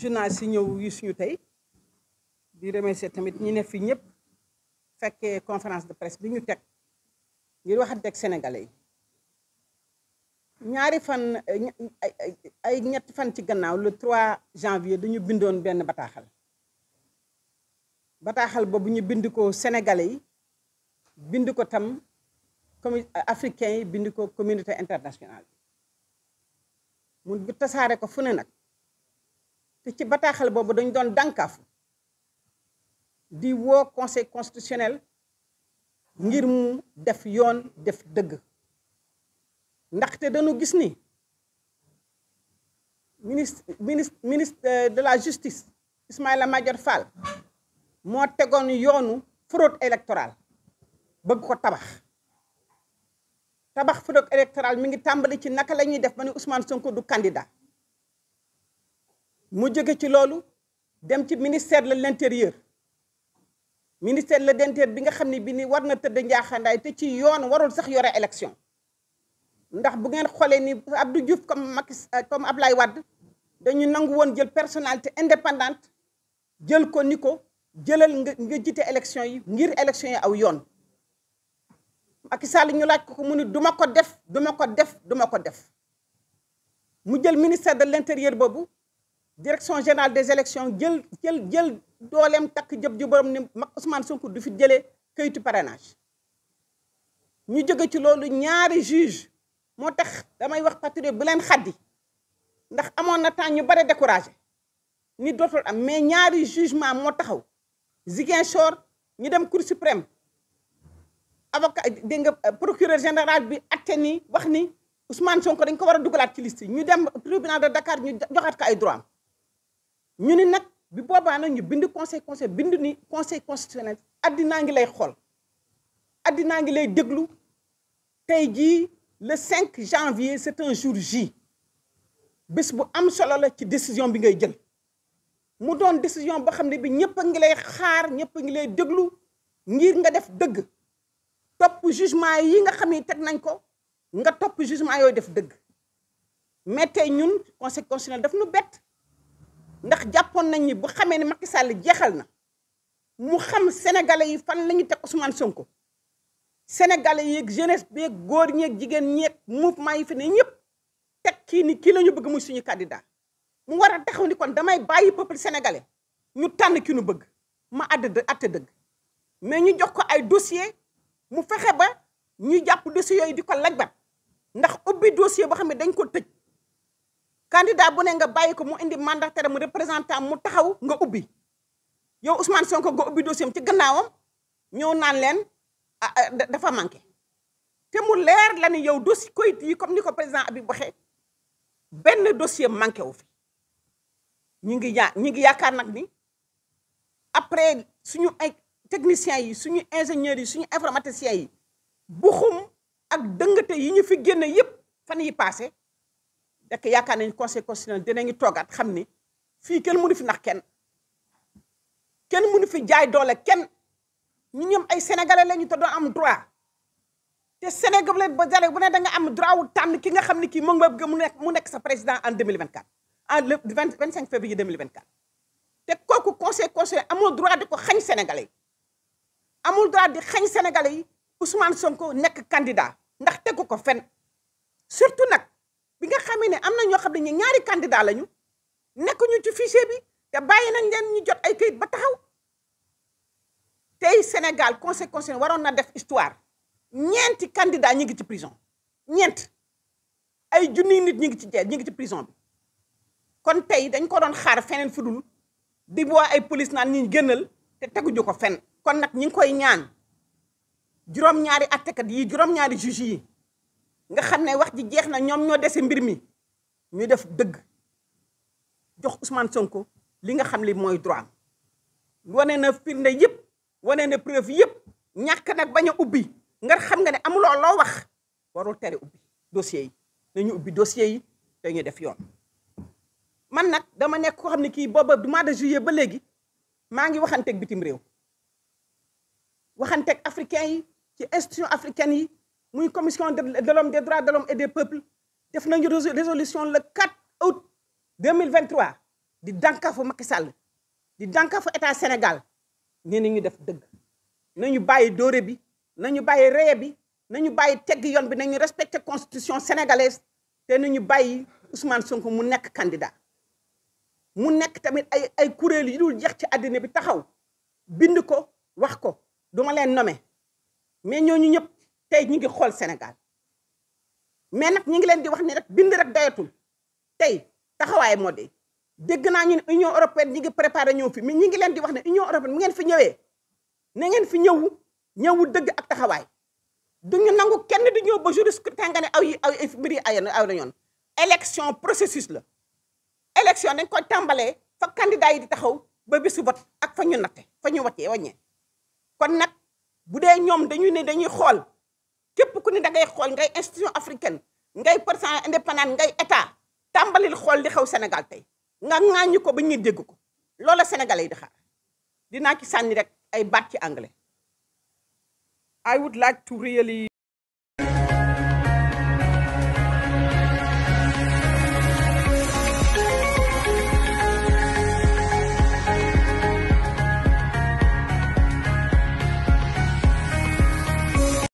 journal si ñëw yu suñu tey di remercier tamit ñi ne fi ñëpp fekkee conférence de presse bi ñu teg ngir waxante ak sénégalais yi ñaari fan ay ñetti fan ci gannaaw le 3 janvier dañu bindoon benn bataaxal bataaxal boobu ñu bind ko sénégalais yi bind ko tam commu africain yi bind ko communité internationale bi mu tasaare ko fu ne nag te ci bataaxal boobu dañu doon dànkaafu di woo conseil constitutionnel ngir mu def yoon def dëgg ndaxte dañu gis ni ministre ministre ministre de la justice la Madior Fall moo tegoon yoonu fraude électorale bëgg ko tabax tabax fraude électorale mi ngi tàmbali ci naka la ñuy def ba ne Ousmane Sonko du candidat mu jóge ci loolu dem ci ministère de l'intérieur ministère de l'intérieur bi nga xam ne bi ni war na tëdd njaaxandaay te ci yoon warul sax yore élection ndax bu ngeen xoolee ni Abdou Diouf comme Macky euh, comme Ablaye wadd dañu nangu woon jël personnalité indépendante jël ko ni ko jëlal nga nga jiite élection yi ngir élection yi aw yoon Macky Sall ñu laaj ko ko mu ni duma ko def duma ko def duma ko def mu jël ministère de l'intérieur boobu direction générale des élections jël jël jël dooleem takk jëb ju borom ni mag Ousmane Sonko du fi jëlee kayitu parrainage ñu jóge ci loolu ñaari juge moo tax damay wax patriote bu leen xaddi ndax amoon na temps ñu bare découragé ni dootul am mais ñaari jugement moo taxaw Ziguinchor ñu dem cour suprême avocat dégg nga euh, procureur général bi atte ni wax ni Ousmane Sonko dañ ko war a dugalaat ci liste ñu dem tribunal de Dakar ñu joxaat ko ay droit am ñu ni nag bi boobaa nag ñu bind conseil conseil bind ni conseil constitutionnel addinaa ngi lay xool addinaa ngi lay déglu tey jii le cinq janvier c' est un jour J bés bu am solo la ci décision bi ngay jël mu doon décision boo xam ne bi ñëpp a ngi lay xaar ñëpp a ngi lay déglu ngir nga def dëgg topp jugement yi nga xam ne teg nañ ko nga topp jugement yooyu def dëgg mais tey ñun conseil constitutionnel daf nu bett. ndax jàppoon nañ ni bu xamee ne Macky Sall jeexal na mu xam sénégalais yi fan la ñu teg Ousmane Sonko sénégalais yeeg jeunesse beeg góor ñeeg jigéen ñeeg mouvement yi fi ne ñëpp teg kii ni kii la ñu bëgg muy suñu candidat mu war a taxaw ni kon damay bàyyi peuple sénégalais ñu tànn ki ñu bëgg ma àdd àtte dëgg mais ñu jox ko ay dossier mu fexe ba ñu jàpp dossiers yooyu di ko lajbat ndax ubbi dossier boo xam ne dañ ko tëj candidat bu ne nga bàyyi ko mu indi mandataire mu représentant mu taxaw nga ubbi yow Ousmane Sonko nga ubbi dossier ci gannaawam ñëw naan leen ah, ah, dafa manqué te mu leer la ni yow dossier koyit yi comme ni ko président Habib waxee benn dossier manqué wu fi ñu ngi ya ñu ngi yaakaar nag ni après suñu ay techniciens yi suñu ingénieurs yi suñu informaticiens yi buxum ak dëngate yi ñu fi génne yépp fan yi passé fekk yaakaar nañ conseil constitutionnel dinañu toogaat xam ni fii kenn mënu fi nax kenn kenn mënu fi jaay doole kenn ñu ñoom ay sénégalais lañu ñu doo am droit te sénégalais ba jare bu ne da am droit wu tànn ki nga xam ne kii moom bëgg mu nekk mu nekk sa président en 2024 en le 25 février 2024 te kooku conseil conseil amul droit di ko xañ sénégalais amul droit di xañ sénégalais yi Ousmane Sonko nekk candidat ndax tegu ko fen surtout nag bi nga xamee ne am na ñoo xam ne ñu ñaari candidat lañu nekkuñu ci fichier bi te bàyyi nañ leen ñu jot ay kayit ba taxaw tey Sénégal conséquence waroon na def histoire ñeenti candidat ñi ngi ci prison ñeent ay junniy nit ñi ngi ci jeel ñi ngi ci prison bi kon tey dañ ko doon xaar feneen fu dul di boo ay police naan ñi gënal te teguñu ko fen kon nag ñi ngi koy ñaan juróom-ñaari attekat yi juróom-ñaari juge yi nga xam ne wax ji jeex na ñoom ñoo dese mbir mi ñu def dëgg jox Ousmane Sonko li nga xam li mooy droit wane na firnde yëpp wane na preuve yëpp ñàkk nag bañ a ubbi nga xam nga ne amuloo loo wax warul tere ubbi dossier yi nañu ubbi dossier yi te ñu def yoon. man nag dama nekk koo xam ne kii booba du mois de juillet ba léegi maa ngi waxanteeg bitim réew waxanteeg africain yi ci institution africaine yi. muy commission de l'homme des droits de l'homme et des peuples def nañu résolution le mille août 2023 di dànkaafu Macky Sall di dànkaafu état Sénégal nee na ñu def dëgg nañu bàyyi dóore bi nañu bàyyi reye bi nañu bàyyi tegg yoon bi nañu respecté constitution sénégalaise te nañu bàyyi Ousmane Sonko mu nekk candidat mu nekk tamit ay ay kuréel yi dul jeex ci àddina bi taxaw bind ko wax ko duma leen nommer mais ñooñu ñëpp tey ñu ngi xool Sénégal mais nag ñu ngi leen di wax ni rek bind rek dayatul tey taxawaay moo de dégg naa ñu ne Union européenne ñi ngi préparé ñëw fi mais ñi ngi leen di wax ne Union européenne mu ngeen fi ñëwee na ngeen fi ñëw ñëwu dëgg ak taxawaay duñu nangu kenn di ñëw ba jour du scrutin aw yi aw mbir yi ay aw na ñoon élection processus la élection dañ koy tàmbalee fa candidat yi di taxaw ba bisu vote ak fa ñu natte fa ñu watee waññee kon nag bu dee ñoom dañu ne dañuy xool képp ku ni da ngay xool ngay institution africaine ngay président indépendant ngay état tàmbalil xool di xew Sénégal tey nga ŋaañu ko ba ñu dégg ko loola sénégalais yi di xaar dinaa ci sànni rek ay baat ci anglais I would like to